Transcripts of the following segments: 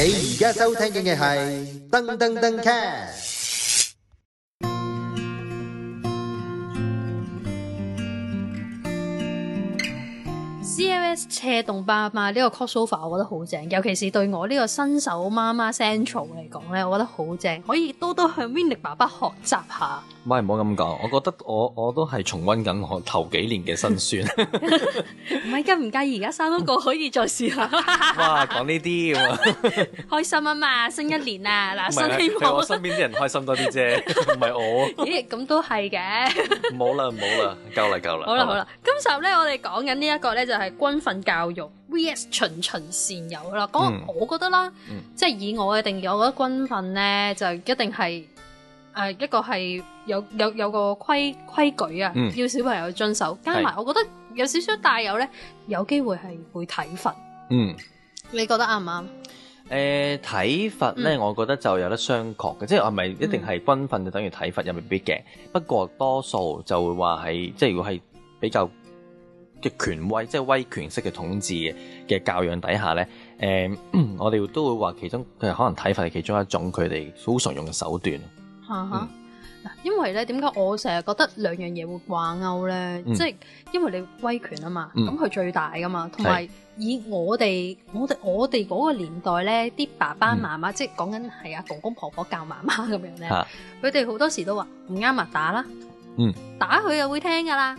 你而家收聽嘅係噔噔噔 cast。COS 斜動爸爸呢個 cosplay 我覺得好正，尤其是對我呢個新手媽媽 Central 嚟講咧，我覺得好正，可以多多向 Winnie 爸爸學習下。唔係，唔好咁講。我覺得我我都係重溫緊我頭幾年嘅辛酸。唔係介唔介意，而家生多個可以再試下。哇！講呢啲咁啊，開心啊嘛！新一年啊，嗱，新希望。係我身邊啲人開心多啲啫，唔係我。咦？咁都係嘅。唔好啦唔好啦，夠啦夠啦。好啦好啦，今集咧我哋講緊呢一個咧就係軍訓教育 V.S. 循循善友啦。講我覺得啦，即係以我嘅定義，我覺得軍訓咧就一定係。誒，一個係有有有個規規矩啊，嗯、要小朋友遵守。加埋我覺得有少少帶有咧，是有機會係會體罰。嗯，你覺得啱唔啱？誒體罰咧，呢嗯、我覺得就有得商榷嘅，即係係咪一定係軍訓就等於體罰又未必嘅。嗯、不過多數就會話係即係如果係比較嘅權威，即、就、係、是、威權式嘅統治嘅教養底下咧，誒、嗯、我哋都會話其中佢可能體罰係其中一種佢哋好常用嘅手段。啊哈！嗱，因為咧，點解我成日覺得兩樣嘢會掛鈎咧？即係因為你威權啊嘛，咁佢最大噶嘛。同埋以我哋，我哋，我哋嗰個年代咧，啲爸爸媽媽即係講緊係啊，公公婆婆教媽媽咁樣咧，佢哋好多時都話唔啱咪打啦，打佢又會聽噶啦。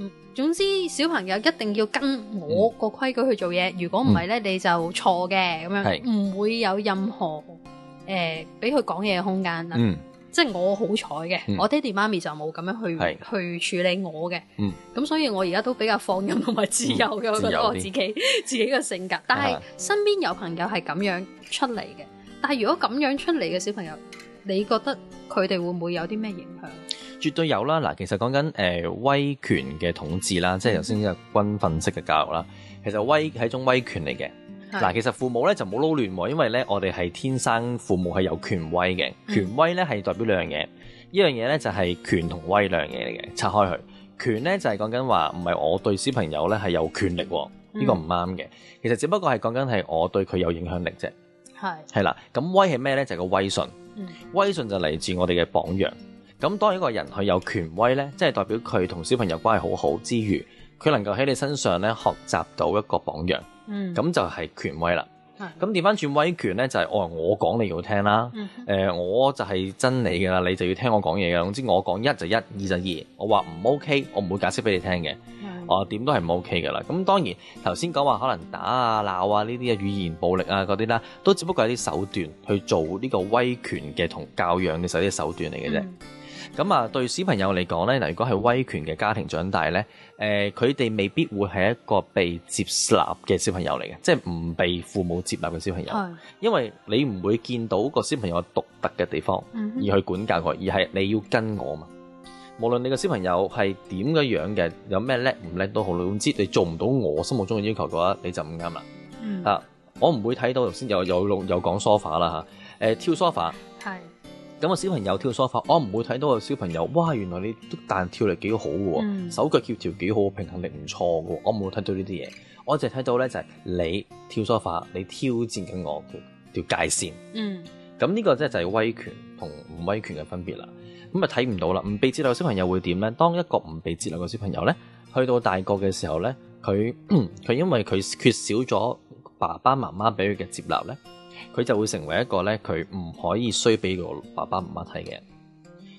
嗯，總之小朋友一定要跟我個規矩去做嘢，如果唔係咧，你就錯嘅，咁樣唔會有任何。誒，俾佢講嘢嘅空間啦，嗯、即係我好彩嘅，嗯、我爹地媽咪就冇咁樣去是去處理我嘅，咁、嗯、所以我而家都比較放任同埋自由嘅，我覺得我自己自，自己嘅性格。但係身邊有朋友係咁樣出嚟嘅，啊、但係如果咁樣出嚟嘅小朋友，你覺得佢哋會唔會有啲咩影響？絕對有啦！嗱，其實講緊、呃、威權嘅統治啦，即係頭先呢個軍訓式嘅教育啦，嗯、其實威係一種威權嚟嘅。嗱，是其實父母咧就冇撈亂喎，因為咧我哋係天生父母係有權威嘅，嗯、權威咧係代表兩樣嘢，呢樣嘢咧就係權同威兩樣嘢嚟嘅，拆開佢權咧就係講緊話唔係我對小朋友咧係有權力，呢個唔啱嘅，其實只不過係講緊係我對佢有影響力啫，係係是啦，咁威係咩咧？就係、是、個威信，嗯、威信就嚟自我哋嘅榜樣。咁當一個人佢有權威咧，即、就、係、是、代表佢同小朋友關係很好好之餘。佢能夠喺你身上咧學習到一個榜樣，咁、嗯、就係權威啦。咁調翻轉威權呢，就係、是、我講你要聽啦。誒、嗯呃，我就係真理嘅啦，你就要聽我講嘢嘅。總之我講一就一，二就二。我話唔 OK，我唔會解釋俾你聽嘅。是啊，點都係唔 OK 嘅啦。咁當然頭先講話可能打啊、鬧啊呢啲語言暴力啊嗰啲啦，都只不過係啲手段去做呢個威權嘅同教養嘅手啲手段嚟嘅啫。嗯咁啊，對小朋友嚟講呢嗱，如果係威權嘅家庭長大呢誒，佢、呃、哋未必會係一個被接納嘅小朋友嚟嘅，即係唔被父母接納嘅小朋友，是因為你唔會見到個小朋友獨特嘅地方，而去管教佢，嗯、哼而係你要跟我嘛。無論你個小朋友係點嘅樣嘅，有咩叻唔叻都好，總之你做唔到我心目中嘅要求嘅話，你就唔啱啦。啊，我唔會睇到頭先有有有講 sofa 啦嚇，誒跳 sofa。咁個小朋友跳梳化我唔會睇到個小朋友。哇，原來你都彈跳力幾好喎，嗯、手腳協調幾好，平衡力唔錯嘅喎，我冇睇到，到呢啲嘢。我淨係睇到咧就係、是、你跳梳化你挑戰緊我條界線。嗯，咁呢個即係就係威權同唔威權嘅分別啦。咁啊睇唔到啦。唔被接納嘅小朋友會點咧？當一個唔被接納嘅小朋友咧，去到大個嘅時候咧，佢佢因為佢缺少咗爸爸媽媽俾佢嘅接納咧。佢就會成為一個咧，佢唔可以衰俾個爸爸媽媽睇嘅人。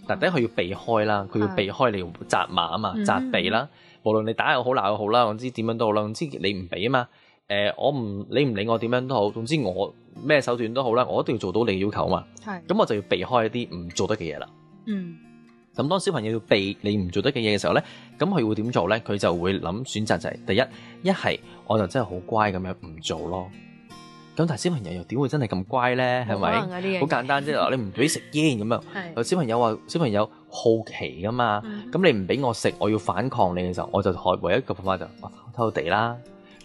但第一，佢要避開啦，佢要避開你責罵啊嘛，責備、嗯、哼啦。無論你打又好鬧又好啦，總之點樣都好啦，總之你唔俾啊嘛。誒、呃，我唔你唔理我點樣都好，總之我咩手段都好啦，我一定要做到你要求嘛。係是。咁我就要避開一啲唔做得嘅嘢啦。嗯。咁當小朋友要避你唔做得嘅嘢嘅時候咧，咁佢會點做咧？佢就會諗選擇就係、是、第一一係，是我就真係好乖咁樣唔做咯。咁但係小朋友又點會真係咁乖咧？係咪、啊？好些簡單啫！你唔俾食煙咁樣，是小朋友話小朋友好奇噶嘛，咁的你唔俾我食，我要反抗你嘅時候，我就唯一個方法就偷、啊、偷地啦，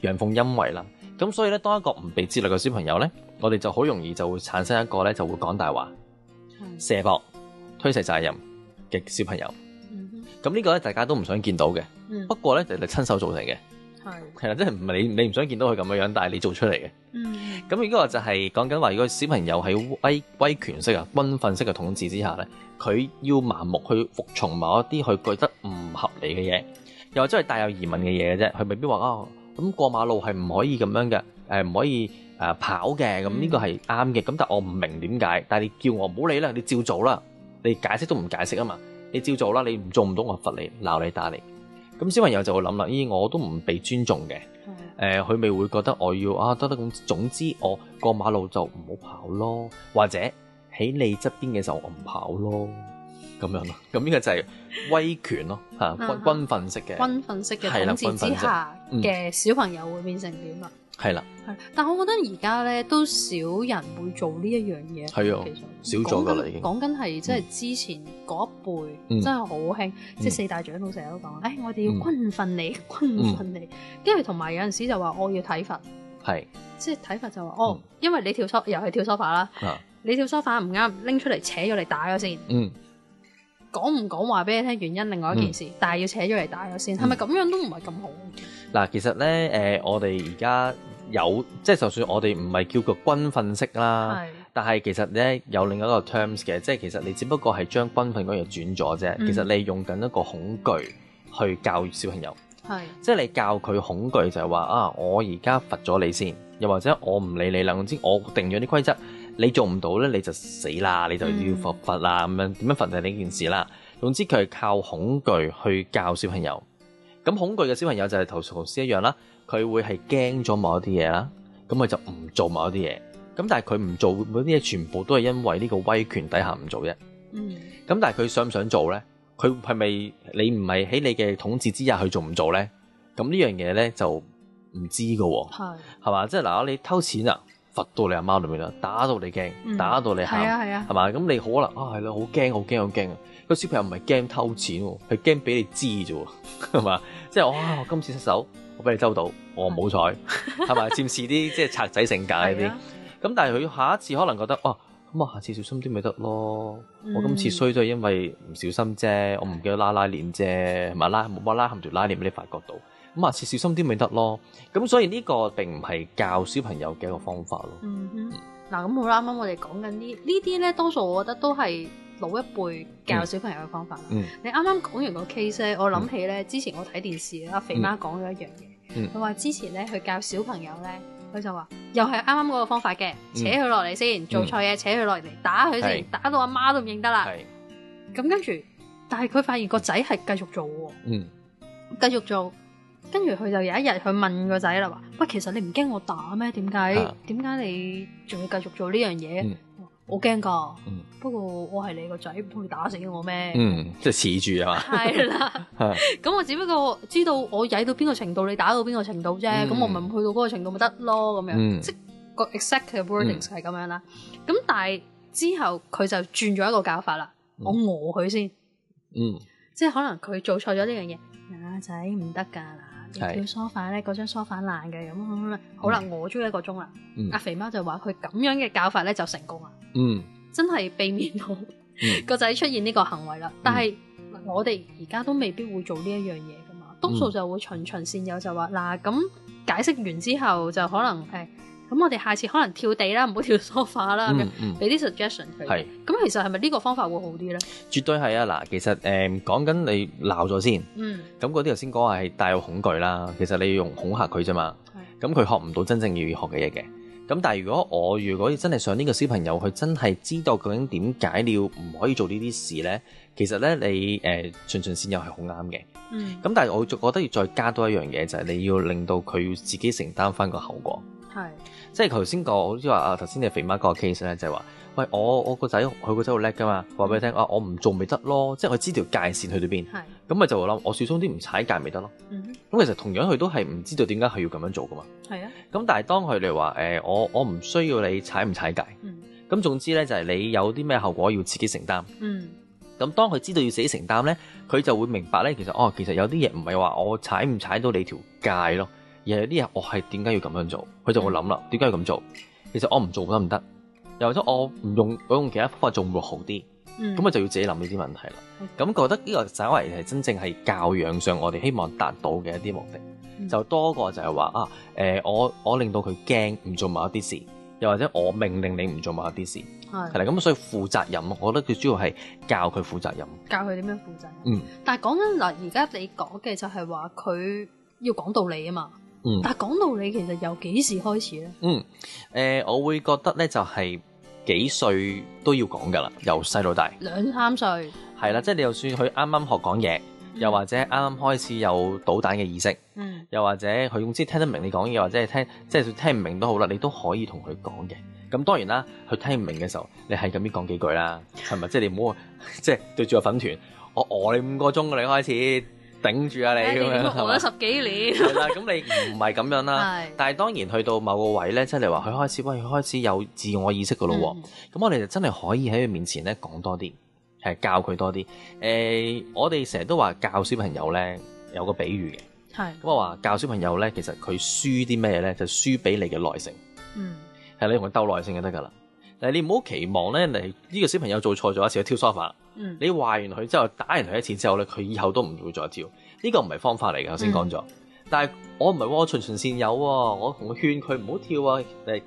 陽奉陰違啦。咁所以咧，當一個唔被接納嘅小朋友咧，我哋就好容易就會產生一個咧就會講大話、的射博、推卸責任嘅小朋友。咁、嗯、哼呢個咧大家都唔想見到嘅，嗯、不過咧就係、是、親手造成嘅。係，其實真係唔係你，你唔想見到佢咁樣樣，但係你做出嚟嘅。嗯，咁呢個就係講緊話，如果小朋友喺威威權式啊、軍訓式嘅統治之下咧，佢要盲目去服從某一啲佢覺得唔合理嘅嘢，又或者係帶有疑問嘅嘢嘅啫。佢未必話哦，咁過馬路係唔可以咁樣嘅，誒唔可以誒、啊、跑嘅。咁呢個係啱嘅。咁但係我唔明點解。但係你叫我唔好理啦，你照做啦。你解釋都唔解釋啊嘛，你照做啦。你唔做唔到，我罰你鬧你打你。咁小朋友就會諗啦，咦、哎、我都唔被尊重嘅，誒佢咪會覺得我要啊得得咁，總之我過馬路就唔好跑咯，或者喺你側邊嘅時候我唔跑咯，咁樣咯，咁、嗯、呢 個就係威權咯嚇，軍訓、 啊、式嘅，軍訓式嘅控制之下嘅小朋友會變成點啊？係啦，係，但係我覺得而家咧都少人會做呢一樣嘢，係啊，少咗噶啦，已經講緊係即係之前嗰一輩真係好興，即係四大長老成日都講，誒，我哋要軍訓你，軍訓你，跟住同埋有陣時就話我要體罰，係，即係體罰就話哦，因為你跳梳又係跳梳化啦，你跳梳化唔啱，拎出嚟扯咗嚟打咗先，嗯，講唔講話俾你聽原因，另外一件事，但係要扯咗嚟打咗先，係咪咁樣都唔係咁好？嗱，其實咧，誒、呃，我哋而家有，即係就算我哋唔係叫做軍訓式啦，是但係其實咧有另一個 terms 嘅，即係其實你只不過係將軍訓嗰樣轉咗啫，嗯、其實你用緊一個恐懼去教小朋友，係是即係你教佢恐懼就係話啊，我而家罰咗你先，又或者我唔理你啦，總之我定咗啲規則，你做唔到咧你就死啦，你就要罰、嗯、罰啦，咁樣點樣罰就係呢件事啦，總之佢係靠恐懼去教小朋友。咁恐懼嘅小朋友就係同頭先一樣啦，佢會係驚咗某一啲嘢啦，咁佢就唔做某一啲嘢。咁但係佢唔做每啲嘢，全部都係因為呢個威權底下唔做啫。嗯。咁但係佢想唔想做咧？佢係咪你唔係喺你嘅統治之下去做唔做咧？咁呢樣嘢咧就唔知㗎喎、哦。係。係嘛？即係嗱，你偷錢啊？罰到你阿媽度咪得，打到你驚，嗯、打到你喊，係啊係啊，係嘛咁你好可能啊係咯，好驚好驚好驚啊！個、啊、小朋友唔係驚偷錢，係驚俾你知啫喎，係嘛？即係哇，我今次失手，我俾你捉到，我唔好彩，係咪？占士啲即係賊仔性格嗰啲，咁、啊、但係佢下一次可能覺得哦，咁啊，啊下次小心啲咪得咯？嗯、我今次衰咗係因為唔小心啫，我唔記得拉拉鏈啫，係咪？拉冇冇拉唔住拉鏈，俾你發覺到。咁啊，切小心啲，咪得咯。咁所以呢個並唔係教小朋友嘅一個方法咯。嗯哼，嗱咁、嗯、好啦，啱啱我哋講緊啲呢啲咧，多數我覺得都係老一輩教小朋友嘅方法啦。嗯、你啱啱講完個 case 咧，我諗起咧，之前我睇電視阿肥媽講咗一樣嘢，佢話、嗯、之前咧佢教小朋友咧，佢就話又係啱啱嗰個方法嘅、嗯，扯佢落嚟先做錯嘢，扯佢落嚟打佢先，是打到阿媽，媽都唔認得啦。咁是跟住，但係佢發現個仔係繼續做喎，嗯，繼續做。跟住佢就有一日，去問個仔啦：話，喂，其實你唔驚我打咩？點解點解你仲要繼續做呢樣嘢？我驚㗎，不過我係你個仔，唔通你打死我咩？嗯，即係恃住啊嘛。係啦，咁我只不過知道我曳到邊個程度，你打到邊個程度啫。咁我咪去到嗰個程度咪得咯。咁樣即個 exact wordings 係咁樣啦。咁但係之後佢就轉咗一個搞法啦。我餓佢先，嗯，即係可能佢做錯咗呢樣嘢，仔唔得㗎啦。是叫梳化咧，嗰張梳化爛嘅咁。好啦，好嗯、我追一個鐘啦。阿、嗯、肥貓就話佢咁樣嘅教法咧就成功啦，嗯，真係避免到、嗯、個仔出現呢個行為啦。嗯、但係我哋而家都未必會做呢一樣嘢噶嘛，嗯、多數就會循循善誘，就話嗱咁解釋完之後就可能誒。欸咁我哋下次可能跳地啦，唔好跳梳化啦，咁樣俾啲 suggestion 佢。係、嗯、咁，是其實係咪呢個方法會好啲咧？絕對係啊！嗱，其實誒，講緊你鬧咗先，嗯，咁嗰啲頭先講話係帶有恐懼啦。其實你要用恐嚇佢啫嘛，咁佢是學唔到真正要學嘅嘢嘅。咁但係如果我如果真係想呢個小朋友，佢真係知道究竟點解你要唔可以做這些事呢啲事咧，其實咧你誒循循善誘係好啱嘅。嗯，咁但係我覺得要再加多一樣嘢，就係、是、你要令到佢自己承擔翻個後果。係，是即係頭先講，好似話啊，頭先你肥媽講個 case 咧，就係、是、話，喂，我我個仔，佢個仔好叻噶嘛，話俾你聽啊，我唔做咪得咯，即係我知條界線去到邊，係是，咁咪就諗，我少充啲唔踩界咪得咯，咁、嗯、哼其實同樣佢都係唔知道點解佢要咁樣做噶嘛，係啊的，咁但係當佢哋話誒，我我唔需要你踩唔踩界，咁、嗯、總之咧就係、是、你有啲咩後果要自己承擔，咁、嗯、當佢知道要自己承擔咧，佢就會明白咧，其實哦，其實有啲嘢唔係話我踩唔踩到你條界咯。而有啲人，我係點解要咁樣做？佢就會諗啦，點解、嗯、要咁做？其實我唔做得唔得，又或者我唔用我用其他方法做會好啲，咁我、嗯、就要自己諗呢啲問題啦。咁、嗯、覺得呢個作為係真正係教養上我哋希望達到嘅一啲目的，就多過就係話啊，我我令到佢驚唔做某一啲事，又或者我命令你唔做某一啲事，係係咁所以負責任，我覺得佢主要係教佢負責任，教佢點樣負責任。嗯但，但係講緊嗱，而家你講嘅就係話佢要講道理啊嘛。嗯，但係講到你其實由幾時開始呢嗯，誒、呃，我會覺得呢就係、是、幾歲都要講噶啦，由細到大，兩三歲係啦，即係你就算佢啱啱學講嘢，嗯、又或者啱啱開始有搗蛋嘅意識，嗯，又或者佢總之聽得明你講嘢，或者係聽即係聽唔明都好啦，你都可以同佢講嘅。咁當然啦，佢聽唔明嘅時候，你係咁樣講幾句啦，係咪？即、就、係、是、你唔好即係對住個粉團，我餓你五個鐘你開始。頂住啊你咁對樣咗十幾年，咁吧 你唔係咁樣啦。是但係當然去到某個位呢，即係你話佢開始，喂，佢開始有自我意識㗎咯喎。咁、嗯、我哋就真係可以喺佢面前呢講多啲，係教佢多啲、欸。我哋成日都話教小朋友呢有個比喻嘅。係是。咁我話教小朋友呢，其實佢輸啲咩呢？就是、輸俾你嘅耐性。嗯。係你同佢鬥耐性就得㗎啦。誒，你唔好期望咧，呢個小朋友做錯咗一次跳沙發，嗯、你話完佢之後打完佢一次之後咧，佢以後都唔會再跳，呢、這個唔係方法嚟㗎。我先講咗。嗯、但係我唔係，我循循善誘、啊。我同佢勸佢唔好跳啊，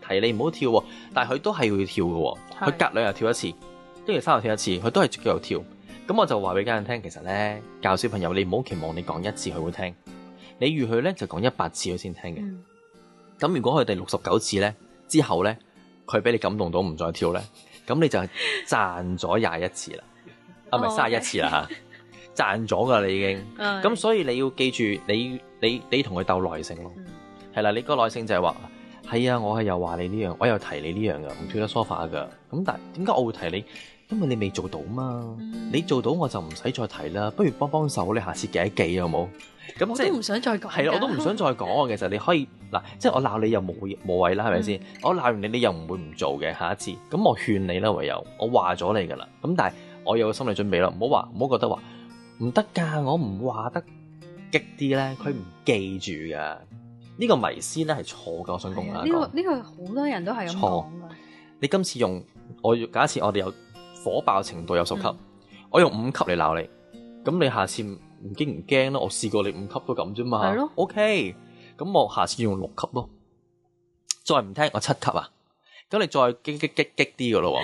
提你唔好跳、啊。但係佢都係要跳嘅、啊，佢隔兩日跳一次，跟住三日跳一次，佢都係繼續跳。咁我就話俾家人聽，其實咧教小朋友你唔好期望你講一次佢會聽，你預佢咧就講一百次佢先聽嘅。咁、嗯、如果佢第六十九次咧之後咧？佢俾你感動到唔再跳咧，咁你就賺咗廿一次啦， 啊，唔係卅一次啦嚇，賺咗噶啦，你已經咁， 所以你要記住，你你你同佢鬥耐性咯，係啦、嗯，你個耐性就係話係啊，我係又話你呢樣，我又提你呢樣噶，唔跳得梳化噶咁，但點解我會提你？因為你未做到嘛，嗯、你做到我就唔使再提啦，不如幫幫手，你下次記一記啊，好冇？.咁即係、啊，我都唔想再講。其實你可以嗱，即係我鬧你又冇冇位啦，係咪先？嗯、我鬧完你，你又唔會唔做嘅。下一次，咁我勸你啦，唯有我話咗你噶啦。咁但係我有個心理準備啦，唔好話，唔好覺得話唔得㗎，我唔話得激啲咧，佢唔、嗯、記住㗎。呢、呢個迷思咧係錯嘅，我想講呢、啊呢個呢、呢個好多人都係咁錯。你今次用，我假設我哋有火爆程度有十級，嗯、我用五級嚟鬧你，咁你下次？唔驚唔驚咯，我試過你五級都咁啫嘛。係咯的，OK。咁我下次要用六級咯，再唔聽我七級啊。咁你再激激激激啲噶咯，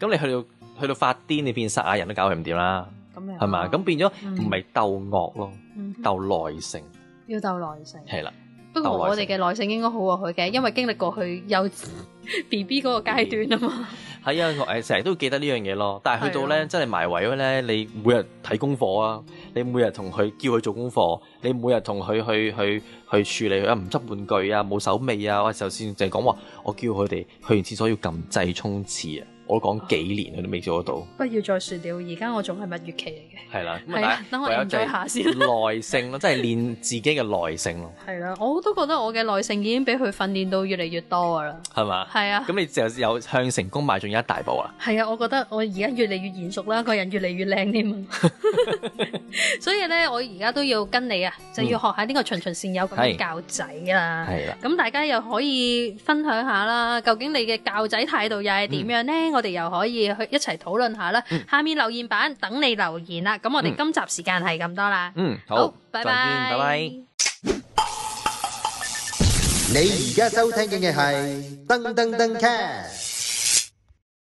咁 你去到去到發癲，你變殺下人都搞佢唔掂啦。咁你係嘛？咁變咗唔係鬥惡咯，鬥 耐性。要鬥耐性。係啦。 不過我哋嘅耐性應該好過佢嘅，因為經歷過去幼稚 B B 嗰個階段啊嘛。係 啊，誒，成日都記得呢樣嘢咯。但係去到咧，是啊、真係埋位咧，你每日睇功課啊，你每日同佢叫佢做功課，你每日同佢去去去處理佢唔執玩具啊、冇手尾啊，我頭先淨係講話我叫佢哋去完廁所要撳掣沖廁啊。我講幾年佢都未做得到。不要再説了，而家我仲係蜜月期嚟嘅。係啦、啊，咁但等、啊、我凝聚下先。耐性咯，即係練自己嘅耐性咯。係啦、啊，我都覺得我嘅耐性已經畀佢訓練到越嚟越多噶啦。係嘛吧？係啊，咁你就有向成功邁進一大步啊！係啊，我覺得我而家越嚟越賢淑啦，個人越嚟越靚添。 所以咧，我而家都要跟你啊，就要學下呢個循循善誘咁教仔啦。係啦，咁大家又可以分享下啦，究竟你嘅教仔態度又係點樣呢？我哋又可以去一齊討論下啦。嗯，下面留言版等你留言啦。咁我哋今集時間係咁多啦。嗯，好，拜拜，拜拜。你而家收聽嘅係登登登 cast。